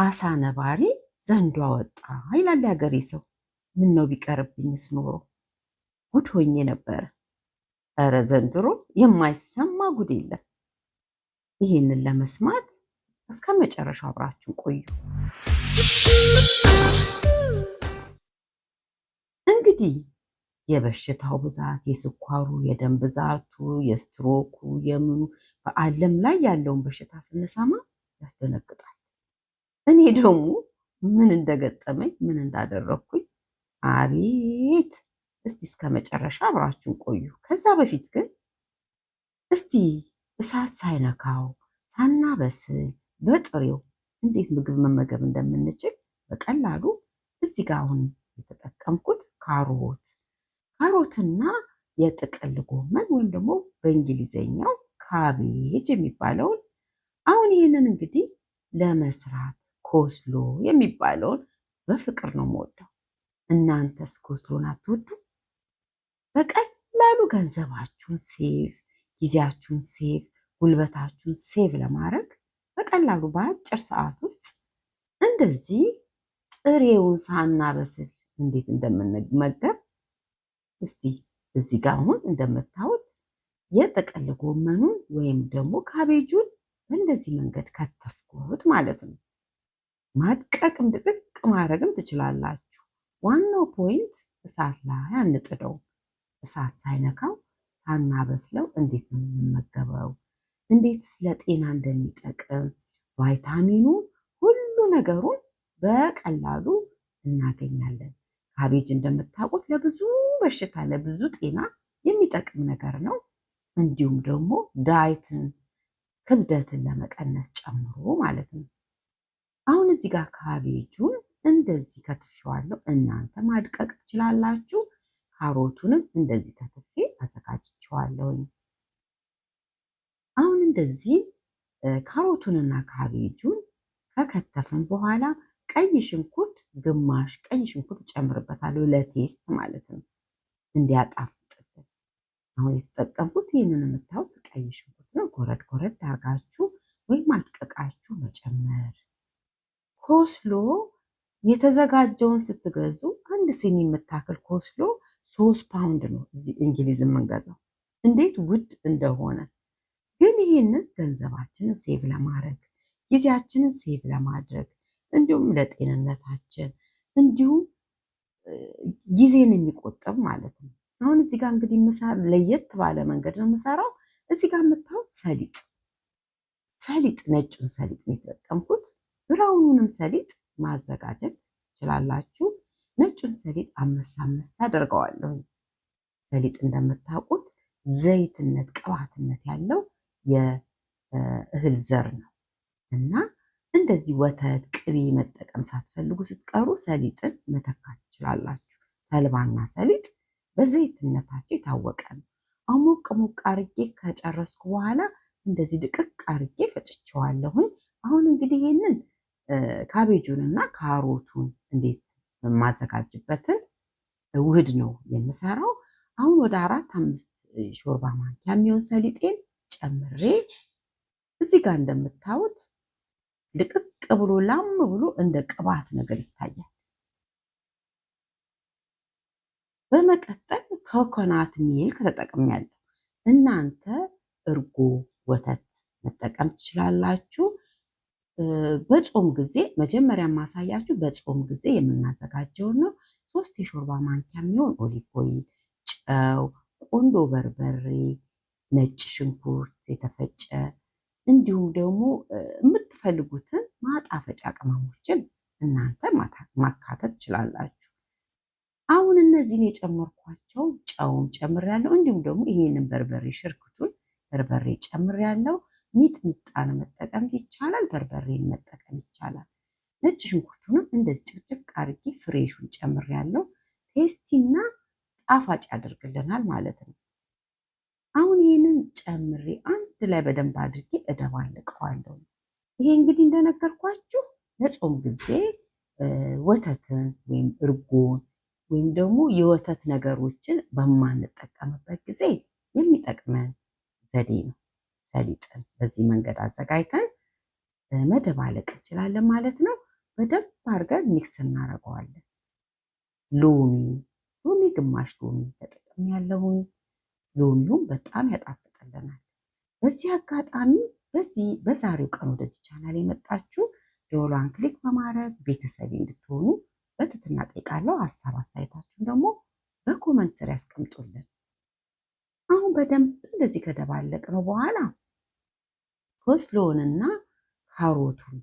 አሳ ነባሪ ዘንዶ አወጣ ይላል ያገሬ ሰው። ምን ነው ቢቀርብኝስ ኖሮ ጉድ ሆኜ ነበረ። እረ ዘንድሮ የማይሰማ ጉድ የለም። ይህንን ለመስማት እስከ መጨረሻው አብራችን ቆዩ። እንግዲህ የበሽታው ብዛት፣ የስኳሩ፣ የደም ብዛቱ፣ የስትሮኩ፣ የምኑ በዓለም ላይ ያለውን በሽታ ስንሰማ ያስደነግጣል። እኔ ደግሞ ምን እንደገጠመኝ ምን እንዳደረግኩኝ አቤት! እስቲ እስከ መጨረሻ አብራችሁን ቆዩ። ከዛ በፊት ግን እስቲ እሳት ሳይነካው ሳናበስል በጥሬው እንዴት ምግብ መመገብ እንደምንችል በቀላሉ እዚህ ጋር አሁን የተጠቀምኩት ካሮት ካሮትና የጥቅል ጎመን ወይም ደግሞ በእንግሊዘኛው ካቤጅ የሚባለውን አሁን ይህንን እንግዲህ ለመስራት ኮስሎ የሚባለውን በፍቅር ነው የምወደው። እናንተስ ኮስሎን አትወዱ? በቀላሉ ገንዘባችሁን ሴቭ፣ ጊዜያችሁን ሴቭ፣ ጉልበታችሁን ሴቭ ለማድረግ በቀላሉ በአጭር ሰዓት ውስጥ እንደዚህ ጥሬውን ሳናበስል እንዴት እንደምንመገብ እስቲ እዚህ ጋር አሁን እንደምታዩት የጥቅል ጎመኑን ወይም ደግሞ ካቤጁን በእንደዚህ መንገድ ከተፍኩት ማለት ነው። ማድቀቅም ድቅቅ ማድረግም ትችላላችሁ። ዋናው ፖይንት እሳት ላይ አንጥደው፣ እሳት ሳይነካው ሳናበስለው እንዴት ነው የምንመገበው? እንዴትስ ለጤና እንደሚጠቅም ቫይታሚኑ ሁሉ ነገሩን በቀላሉ እናገኛለን። ካቤጅ እንደምታውቁት ለብዙ በሽታ ለብዙ ጤና የሚጠቅም ነገር ነው። እንዲሁም ደግሞ ዳይትን ክብደትን ለመቀነስ ጨምሮ ማለት ነው። እዚህ ጋር ካቤጁን እንደዚህ ከትፌዋለሁ። እናንተ ማድቀቅ ትችላላችሁ። ካሮቱንም እንደዚህ ከትፌ አዘጋጅቼዋለሁኝ። አሁን እንደዚህ ካሮቱንና ካቤጁን ከከተፍን በኋላ ቀይ ሽንኩርት ግማሽ ቀይ ሽንኩርት ጨምርበታለሁ ለቴስት ማለት ነው እንዲያጣፍጥብን። አሁን የተጠቀምኩት ይህንን የምታዩት ቀይ ሽንኩርት ነው። ጎረድ ጎረድ አርጋችሁ ወይም አድቀቃችሁ መጨመር ኮስሎ የተዘጋጀውን ስትገዙ አንድ ሲኒ የምታክል ኮስሎ ሶስት ፓውንድ ነው እዚህ እንግሊዝ የምንገዛው። እንዴት ውድ እንደሆነ ግን ይህንን ገንዘባችንን ሴቭ ለማድረግ ጊዜያችንን ሴቭ ለማድረግ እንዲሁም ለጤንነታችን እንዲሁም ጊዜን የሚቆጥብ ማለት ነው። አሁን እዚህ ጋር እንግዲህ ለየት ባለ መንገድ ነው የምሰራው። እዚህ ጋር የምታዩት ሰሊጥ ሰሊጥ ነጩን ሰሊጥ ነው የተጠቀምኩት። ብራውኑንም ሰሊጥ ማዘጋጀት ትችላላችሁ። ነጩን ሰሊጥ አመሳ አመሳ አደርገዋለሁ። ሰሊጥ እንደምታውቁት ዘይትነት ቅባትነት ያለው የእህል ዘር ነው እና እንደዚህ ወተት፣ ቅቤ መጠቀም ሳትፈልጉ ስትቀሩ ሰሊጥን መተካት ትችላላችሁ። ተልባና ሰሊጥ በዘይትነታቸው የታወቀ ነው። አሞቅ ሞቅ አርጌ ከጨረስኩ በኋላ እንደዚህ ድቅቅ አርጌ ፈጭቸዋለሁኝ። አሁን እንግዲህ ይህንን ካቤጁን እና ካሮቱን እንዴት የማዘጋጅበትን ውህድ ነው የምሰራው። አሁን ወደ አራት አምስት ሾርባ ማንኪያ የሚሆን ሰሊጤን ጨምሬ እዚህ ጋር እንደምታዩት ልቅቅ ብሎ ላም ብሎ እንደ ቅባት ነገር ይታያል። በመቀጠል ኮኮናት ሚልክ ተጠቅሜያለሁ። እናንተ እርጎ ወተት መጠቀም ትችላላችሁ። በጾም ጊዜ መጀመሪያ ማሳያችሁ በጾም ጊዜ የምናዘጋጀውን ነው። ሶስት የሾርባ ማንኪያ የሚሆን ኦሊቭ ኦይል፣ ጨው፣ ቆንዶ በርበሬ፣ ነጭ ሽንኩርት የተፈጨ እንዲሁም ደግሞ የምትፈልጉትን ማጣፈጫ ቅመሞችን እናንተ ማካተት ትችላላችሁ። አሁን እነዚህን የጨመርኳቸው ጨውም ጨምሬያለሁ፣ እንዲሁም ደግሞ ይሄንን በርበሬ ሽርክቱን በርበሬ ጨምሬያለሁ። ሚጥሚጣን መጠቀም ይቻላል። በርበሬን መጠቀም ይቻላል። ነጭ ሽንኩርቱንም እንደዚህ ጭቅጭቅ አድርጌ ፍሬሹን ጨምር ቴስቲ ቴስቲና ጣፋጭ ያደርግልናል ማለት ነው። አሁን ይህንን ጨምሬ አንድ ላይ በደንብ አድርጌ እደባልቀዋለሁ። ይሄ እንግዲህ እንደነገርኳችሁ ለጾም ጊዜ ወተትን ወይም እርጎን ወይም ደግሞ የወተት ነገሮችን በማንጠቀምበት ጊዜ የሚጠቅመን ዘዴ ነው። ሰሊጥን በዚህ መንገድ አዘጋጅተን መደባለቅ እንችላለን ማለት ነው። በደንብ አድርገን ሚክስ እናደርገዋለን። ሎሚ ሎሚ ግማሽ ሎሚ ተጠቅም ያለውን ሎሚውን በጣም ያጣፍጥልናል። በዚህ አጋጣሚ በዚህ በዛሬው ቀን ወደዚህ ቻናል የመጣችሁ ደወሏን ክሊክ በማድረግ ቤተሰብ እንድትሆኑ በትትና ጠይቃለሁ። ሀሳብ አስተያየታችሁን ደግሞ በኮመንት ስር ያስቀምጡልን። አሁን በደንብ እንደዚህ ከደባለቅ ነው በኋላ ኮስሎንና ካሮቱን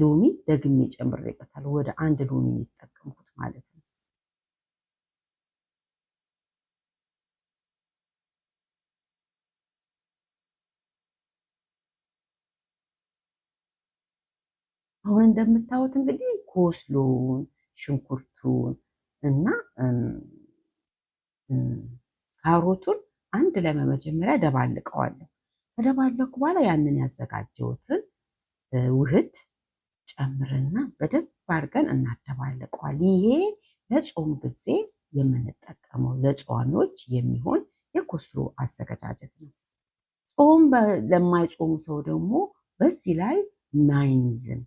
ሎሚ ደግሜ ጨምሬበታል። ወደ አንድ ሎሚ የተጠቀምኩት ማለት ነው። አሁን እንደምታዩት እንግዲህ ኮስሎን፣ ሽንኩርቱን እና ካሮቱን አንድ ላይ በመጀመሪያ ደባልቀዋለሁ። ከደባለኩ በኋላ ያንን ያዘጋጀሁትን ውህድ ጨምርና በደንብ አድርገን እናደባልቀዋል። ይሄ ለጾም ጊዜ የምንጠቀመው ለጾሚዎች የሚሆን የኮስሎ አዘገጃጀት ነው። ጾም ለማይጾሙ ሰው ደግሞ በዚህ ላይ ማይኒዝን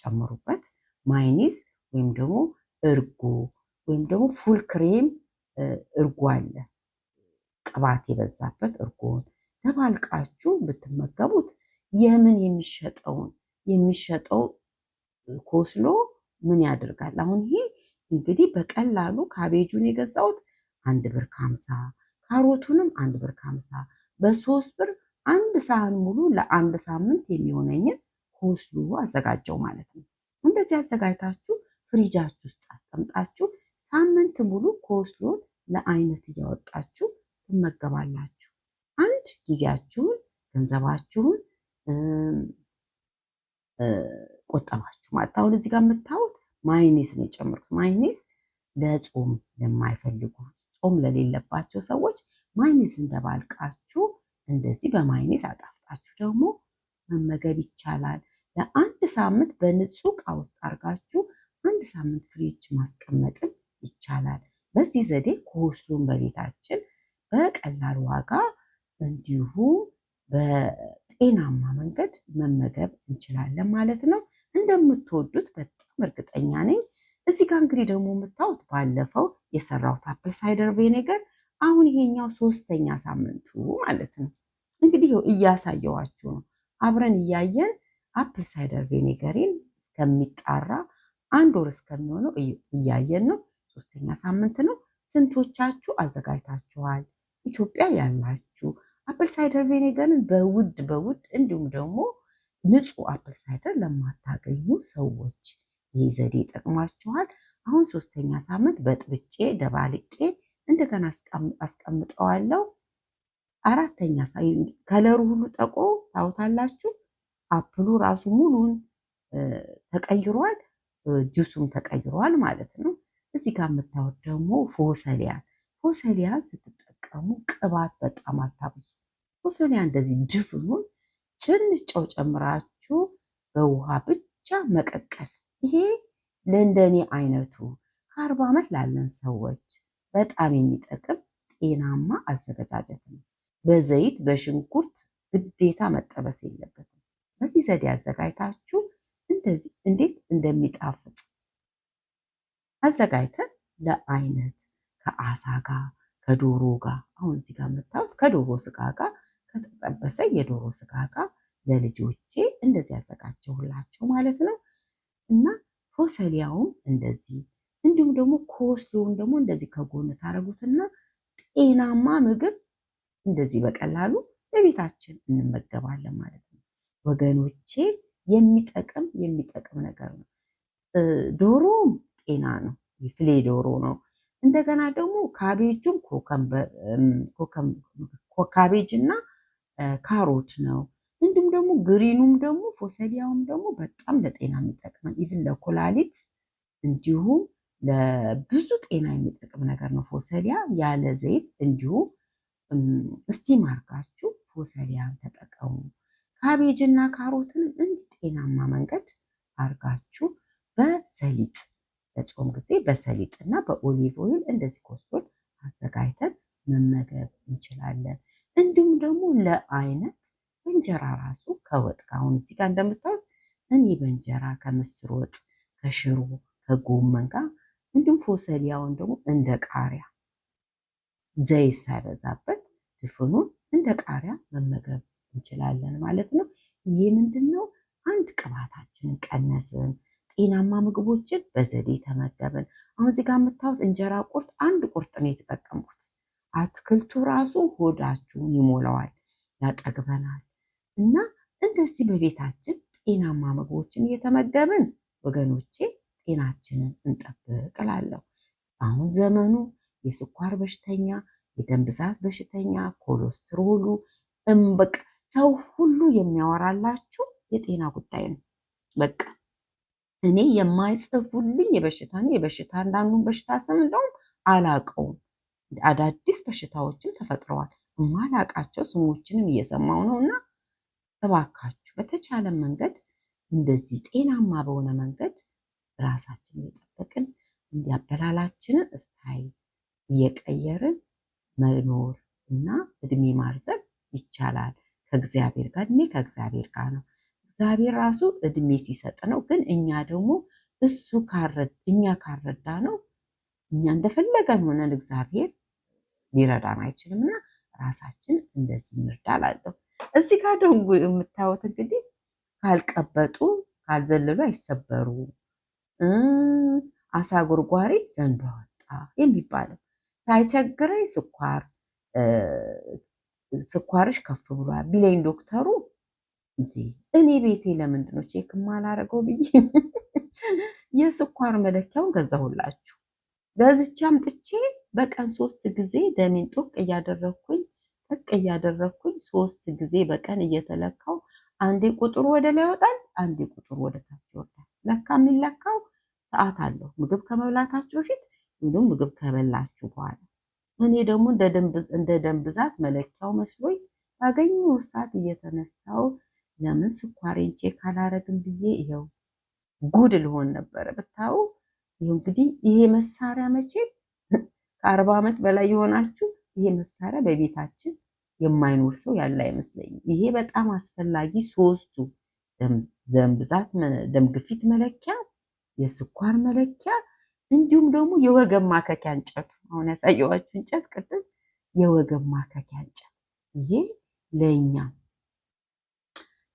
ጨምሩበት። ማይኒዝ ወይም ደግሞ እርጎ ወይም ደግሞ ፉል ክሬም እርጎ አለ። ቅባት የበዛበት እርጎን ተባልቃችሁ ብትመገቡት የምን የሚሸጠውን የሚሸጠው ኮስሎ ምን ያደርጋል? አሁን ይሄ እንግዲህ በቀላሉ ካቤጁን የገዛሁት አንድ ብር ከሀምሳ ካሮቱንም አንድ ብር ከሀምሳ በሶስት ብር አንድ ሳህን ሙሉ ለአንድ ሳምንት የሚሆነኝን ኮስሎ አዘጋጀው ማለት ነው። እንደዚህ አዘጋጅታችሁ ፍሪጃችሁ ውስጥ አስቀምጣችሁ ሳምንት ሙሉ ኮስሎን ለአይነት እያወጣችሁ ትመገባላችሁ። አንድ ጊዜያችሁን፣ ገንዘባችሁን ቆጠባችሁ ማለት። አሁን እዚህ ጋር የምታዩት ማይኒስ ነው የጨመርኩት። ማይኒስ ለጾም ለማይፈልጉ ጾም ለሌለባቸው ሰዎች ማይኒስ እንደባልቃችሁ እንደዚህ በማይኒስ አጣፍጣችሁ ደግሞ መመገብ ይቻላል። ለአንድ ሳምንት በንጹህ እቃ ውስጥ አድርጋችሁ አንድ ሳምንት ፍሪጅ ማስቀመጥን ይቻላል። በዚህ ዘዴ ኮስቱን በቤታችን በቀላል ዋጋ እንዲሁ በጤናማ መንገድ መመገብ እንችላለን ማለት ነው። እንደምትወዱት በጣም እርግጠኛ ነኝ። እዚህ ጋር እንግዲህ ደግሞ የምታዩት ባለፈው የሰራሁት አፕል ሳይደር ቬኔገር አሁን ይሄኛው ሶስተኛ ሳምንቱ ማለት ነው። እንግዲህ እያሳየዋችሁ ነው። አብረን እያየን አፕል ሳይደር ቬኔገሪን እስከሚጣራ አንድ ወር እስከሚሆነው እያየን ነው። ሶስተኛ ሳምንት ነው። ስንቶቻችሁ አዘጋጅታችኋል? ኢትዮጵያ ያላችሁ አፕል ሳይደር ቪኔገርን በውድ በውድ እንዲሁም ደግሞ ንጹህ አፕል ሳይደር ለማታገኙ ሰዎች ይህ ዘዴ ይጠቅማችኋል። አሁን ሶስተኛ ሳምንት በጥብጬ ደባልቄ እንደገና አስቀምጠዋለሁ። አራተኛ ከለሩ ሁሉ ጠቆ ታውታላችሁ። አፕሉ ራሱ ሙሉን ተቀይሯል፣ ጁሱም ተቀይሯል ማለት ነው። እዚህ ጋር የምታወት ደግሞ ፎሰሊያን ፎሰሊያን ስትጠ ስትጠቀሙ ቅባት በጣም አታብዙ። ቁስል እንደዚህ ድፍኑን ትንሽ ጨው ጨምራችሁ በውሃ ብቻ መቀቀል። ይሄ ለእንደኔ አይነቱ ከአርባ ዓመት ላለን ሰዎች በጣም የሚጠቅም ጤናማ አዘገጃጀት ነው። በዘይት በሽንኩርት ግዴታ መጠበስ የለበትም። በዚህ ዘዴ አዘጋጅታችሁ እንደዚህ እንዴት እንደሚጣፍጥ አዘጋጅተን ለአይነት ከአሳ ጋር ከዶሮ ጋር አሁን እዚህ ጋር የምታዩት ከዶሮ ስጋ ጋር ከተጠበሰ የዶሮ ስጋ ጋር ለልጆቼ እንደዚህ ያዘጋጀሁላቸው ማለት ነው። እና ፎሰሊያውም እንደዚህ እንዲሁም ደግሞ ኮስሎውን ደግሞ እንደዚህ ከጎን ታደረጉትና ጤናማ ምግብ እንደዚህ በቀላሉ በቤታችን እንመገባለን ማለት ነው። ወገኖቼ የሚጠቅም የሚጠቅም ነገር ነው። ዶሮም ጤና ነው። የፍሌ ዶሮ ነው። እንደገና ደግሞ ካቤጁን ካቤጅ እና ካሮት ነው። እንዲሁም ደግሞ ግሪኑም ደግሞ ፎሰሊያውም ደግሞ በጣም ለጤና የሚጠቅመን ኢቭን ለኮላሊት እንዲሁም ለብዙ ጤና የሚጠቅም ነገር ነው። ፎሰሊያ ያለ ዘይት እንዲሁ እስቲም አድርጋችሁ ፎሰሊያን ተጠቀሙ። ካቤጅ እና ካሮትን እንዲህ ጤናማ መንገድ አድርጋችሁ በሰሊጥ በጾም ጊዜ በሰሊጥ እና በኦሊቭ ኦይል እንደዚህ ኮሶን አዘጋጅተን መመገብ እንችላለን። እንዲሁም ደግሞ ለአይነት እንጀራ ራሱ ከወጥ አሁን እዚህ ጋር እንደምታዩት እኔ በእንጀራ ከምስር ወጥ ከሽሮ ከጎመን ጋር እንዲሁም ፎሰሊያውን ደግሞ እንደ ቃሪያ ዘይት ሳይበዛበት ድፍኑን እንደ ቃሪያ መመገብ እንችላለን ማለት ነው። ይህ ምንድን ነው? አንድ ቅባታችንን ቀነስን። ጤናማ ምግቦችን በዘዴ ተመገብን። አሁን እዚህ ጋር የምታዩት እንጀራ ቁርጥ አንድ ቁርጥ ነው የተጠቀምኩት። አትክልቱ ራሱ ሆዳችሁን ይሞላዋል፣ ያጠግበናል። እና እንደዚህ በቤታችን ጤናማ ምግቦችን እየተመገብን ወገኖቼ ጤናችንን እንጠብቅ እላለሁ። አሁን ዘመኑ የስኳር በሽተኛ፣ የደም ብዛት በሽተኛ፣ ኮሎስትሮሉ እምብቅ ሰው ሁሉ የሚያወራላችሁ የጤና ጉዳይ ነው በቃ እኔ የማይጽፉልኝ የበሽታ ነው። የበሽታ አንዳንዱን በሽታ ስም እንደውም አላቀውም። አዳዲስ በሽታዎችን ተፈጥረዋል። የማላቃቸው ስሞችንም እየሰማው ነው እና እባካችሁ በተቻለ መንገድ እንደዚህ ጤናማ በሆነ መንገድ ራሳችንን እየጠበቅን እንዲያበላላችንን እስታይ እየቀየርን መኖር እና እድሜ ማርዘብ ይቻላል። ከእግዚአብሔር ጋር እኔ ከእግዚአብሔር ጋር ነው። እግዚአብሔር ራሱ እድሜ ሲሰጥ ነው። ግን እኛ ደግሞ እሱ እኛ ካረዳ ነው እኛ እንደፈለገ ሆነን እግዚአብሔር ሊረዳን አይችልም እና ራሳችን እንደዚህ እንርዳ እላለሁ። እዚህ ጋር ደግሞ የምታዩት እንግዲህ ካልቀበጡ ካልዘለሉ አይሰበሩ፣ አሳ ጎርጓሪ ዘንዶ አወጣ የሚባለው ሳይቸግረኝ ስኳር ስኳርሽ ከፍ ብሏል ቢለኝ ዶክተሩ እኔ ቤቴ ለምንድን ነው ቼክ የማላደርገው ብዬ የስኳር መለኪያውን ገዛሁላችሁ። ገዝቼ አምጥቼ በቀን ሶስት ጊዜ ደሜን ጦቅ እያደረግኩኝ ጥቅ እያደረግኩኝ ሶስት ጊዜ በቀን እየተለካው አንዴ ቁጥሩ ወደ ላይ ይወጣል፣ አንዴ ቁጥሩ ወደ ታች ይወርዳል። ለካ የሚለካው ሰዓት አለው፣ ምግብ ከመብላታችሁ በፊት እንዲሁም ምግብ ከበላችሁ በኋላ። እኔ ደግሞ እንደ ደም ብዛት መለኪያው መስሎኝ ባገኘው ሰዓት እየተነሳው ለምን ስኳሬን ቼክ አላረግም ብዬ ይኸው ጉድ ልሆን ነበረ። ብታው ይኸው እንግዲህ ይሄ መሳሪያ መቼም ከአርባ ዓመት በላይ የሆናችሁ ይሄ መሳሪያ በቤታችን የማይኖር ሰው ያለ አይመስለኝም። ይሄ በጣም አስፈላጊ ሶስቱ ደም ብዛት፣ ደም ግፊት መለኪያ፣ የስኳር መለኪያ እንዲሁም ደግሞ የወገብ ማከኪያ እንጨቱ አሁን ያሳየኋችሁ እንጨት ቅድም የወገብ ማከኪያ እንጨት ይሄ ለእኛ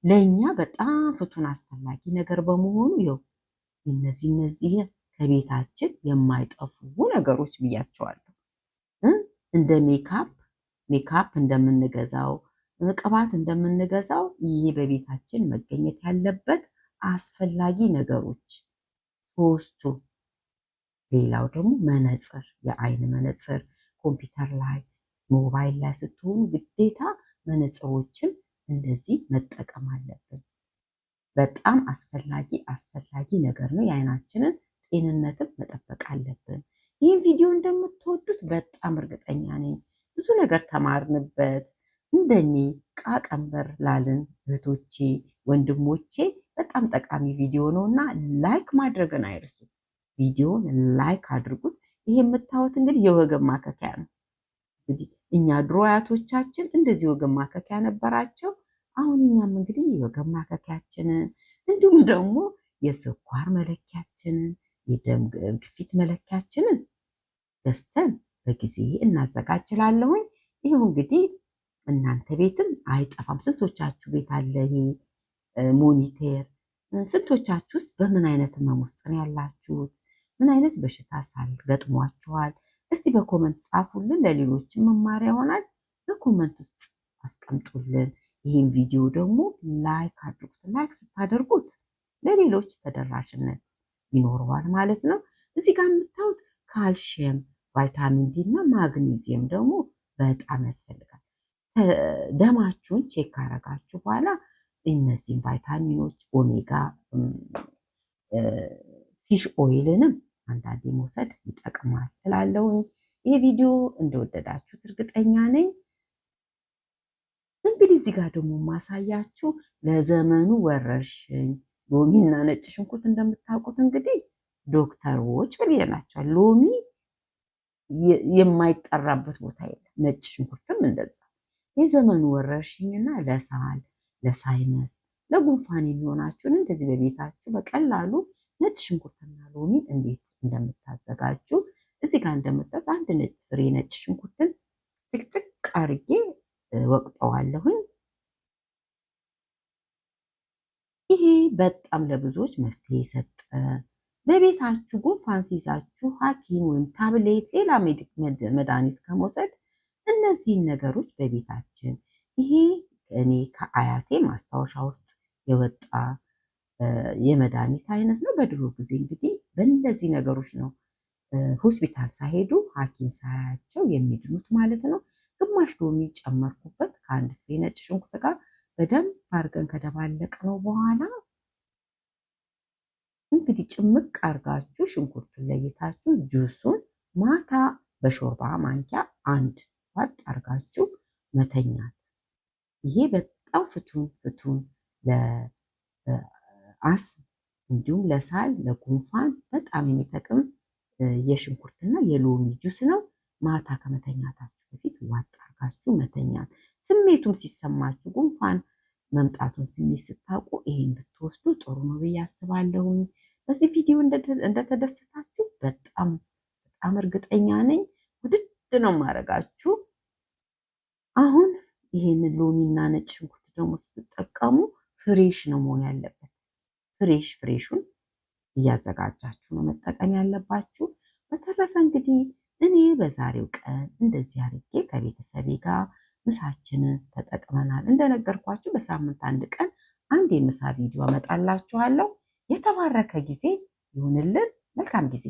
ለእኛ በጣም ፍቱን አስፈላጊ ነገር በመሆኑ ይኸው እነዚህ እነዚህ ከቤታችን የማይጠፉ ነገሮች ብያቸዋለሁ። እንደ ሜካፕ ሜካፕ እንደምንገዛው ቅባት እንደምንገዛው ይሄ በቤታችን መገኘት ያለበት አስፈላጊ ነገሮች ሶስቱ። ሌላው ደግሞ መነፅር፣ የአይን መነፅር ኮምፒውተር ላይ ሞባይል ላይ ስትሆኑ ግዴታ መነፅሮችን እንደዚህ መጠቀም አለብን። በጣም አስፈላጊ አስፈላጊ ነገር ነው። የአይናችንን ጤንነትም መጠበቅ አለብን። ይህን ቪዲዮ እንደምትወዱት በጣም እርግጠኛ ነኝ። ብዙ ነገር ተማርንበት። እንደኔ ዕቃ ቀንበር ላልን እህቶቼ፣ ወንድሞቼ በጣም ጠቃሚ ቪዲዮ ነው እና ላይክ ማድረግን አይርሱ። ቪዲዮን ላይክ አድርጉት። ይህ የምታዩት እንግዲህ የወገብ ማከኪያ ነው። እንግዲህ እኛ ድሮ አያቶቻችን እንደዚህ ወገብ ማከኪያ ነበራቸው። አሁን እኛም እንግዲህ የወገብ ማከኪያችንን እንዲሁም ደግሞ የስኳር መለኪያችንን የደም ግፊት መለኪያችንን ገዝተን በጊዜ እናዘጋጅላለሁኝ። ይኸው እንግዲህ እናንተ ቤትም አይጠፋም። ስንቶቻችሁ ቤት አለ ይሄ ሞኒተር? ስንቶቻችሁስ በምን አይነት ህመም ውስጥ ነው ያላችሁት? ምን አይነት በሽታ ሳል ገጥሟችኋል? እስቲ በኮመንት ጻፉልን። ለሌሎችም መማሪያ ይሆናል። በኮመንት ውስጥ አስቀምጡልን። ይህን ቪዲዮ ደግሞ ላይክ አድርጉት። ላይክ ስታደርጉት ለሌሎች ተደራሽነት ይኖረዋል ማለት ነው። እዚህ ጋር የምታዩት ካልሽየም፣ ቫይታሚን ዲ እና ማግኒዚየም ደግሞ በጣም ያስፈልጋል። ደማችሁን ቼክ ካረጋችሁ በኋላ እነዚህም ቫይታሚኖች ኦሜጋ ፊሽ ኦይልንም አንዳንዴ መውሰድ ይጠቅማል እላለሁኝ። ይህ ቪዲዮ እንደወደዳችሁት እርግጠኛ ነኝ። እንግዲህ እዚህ ጋር ደግሞ ማሳያችሁ ለዘመኑ ወረርሽኝ ሎሚና ነጭ ሽንኩርት እንደምታውቁት እንግዲህ ዶክተሮች ብዬላቸዋል። ሎሚ የማይጠራበት ቦታ የለም። ነጭ ሽንኩርትም እንደዛ። የዘመኑ ወረርሽኝና ለሳል፣ ለሳይነስ፣ ለጉንፋን የሚሆናችሁን እንደዚህ በቤታችሁ በቀላሉ ነጭ ሽንኩርትና ሎሚ እንዴት እንደምታዘጋጁ እዚህ ጋር እንደምታዩት አንድ ነጭ ፍሬ ነጭ ሽንኩርትን ጥቅጥቅ አርጌ ወቅጠዋለሁኝ። ይሄ በጣም ለብዙዎች መፍትሄ የሰጠ በቤታችሁ ጉንፋን ሲይዛችሁ ሐኪም ወይም ታብሌት ሌላ መድኃኒት ከመውሰድ እነዚህን ነገሮች በቤታችን ይሄ እኔ ከአያቴ ማስታወሻ ውስጥ የወጣ የመድኃኒት አይነት ነው። በድሮ ጊዜ እንግዲህ በእነዚህ ነገሮች ነው ሆስፒታል ሳይሄዱ ሐኪም ሳያቸው የሚድኑት ማለት ነው። ግማሽ ሎሚ ጨመርኩበት ከአንድ ፍሬ ነጭ ሽንኩርት ጋር በደንብ አድርገን ከደባለቅ ነው በኋላ እንግዲህ ጭምቅ አድርጋችሁ ሽንኩርቱን ለይታችሁ ጁሱን ማታ በሾርባ ማንኪያ አንድ ዋጥ አድርጋችሁ መተኛት። ይሄ በጣም ፍቱን ፍቱን ለትራስ እንዲሁም ለሳል ለጉንፋን በጣም የሚጠቅም የሽንኩርትና የሎሚ ጁስ ነው። ማታ ከመተኛታችሁ በፊት ዋጥ መተኛ መተኛት። ስሜቱም ሲሰማችሁ ጉንፋን መምጣቱን ስሜት ስታውቁ ይሄን ብትወስዱ ጥሩ ነው ብዬ አስባለሁ። በዚህ ቪዲዮ እንደተደሰታችሁ በጣም በጣም እርግጠኛ ነኝ። ውድድ ነው ማድረጋችሁ። አሁን ይህንን ሎሚና ነጭ ሽንኩርት ደግሞ ስትጠቀሙ ፍሬሽ ነው መሆን ያለበት። ፍሬሽ ፍሬሹን እያዘጋጃችሁ ነው መጠቀም ያለባችሁ። በተረፈ እንግዲህ እኔ በዛሬው ቀን እንደዚህ አድርጌ ከቤተሰቤ ጋር ምሳችንን ተጠቅመናል። እንደነገርኳችሁ በሳምንት አንድ ቀን አንድ የምሳ ቪዲዮ አመጣላችኋለሁ። የተባረከ ጊዜ ይሁንልን። መልካም ጊዜ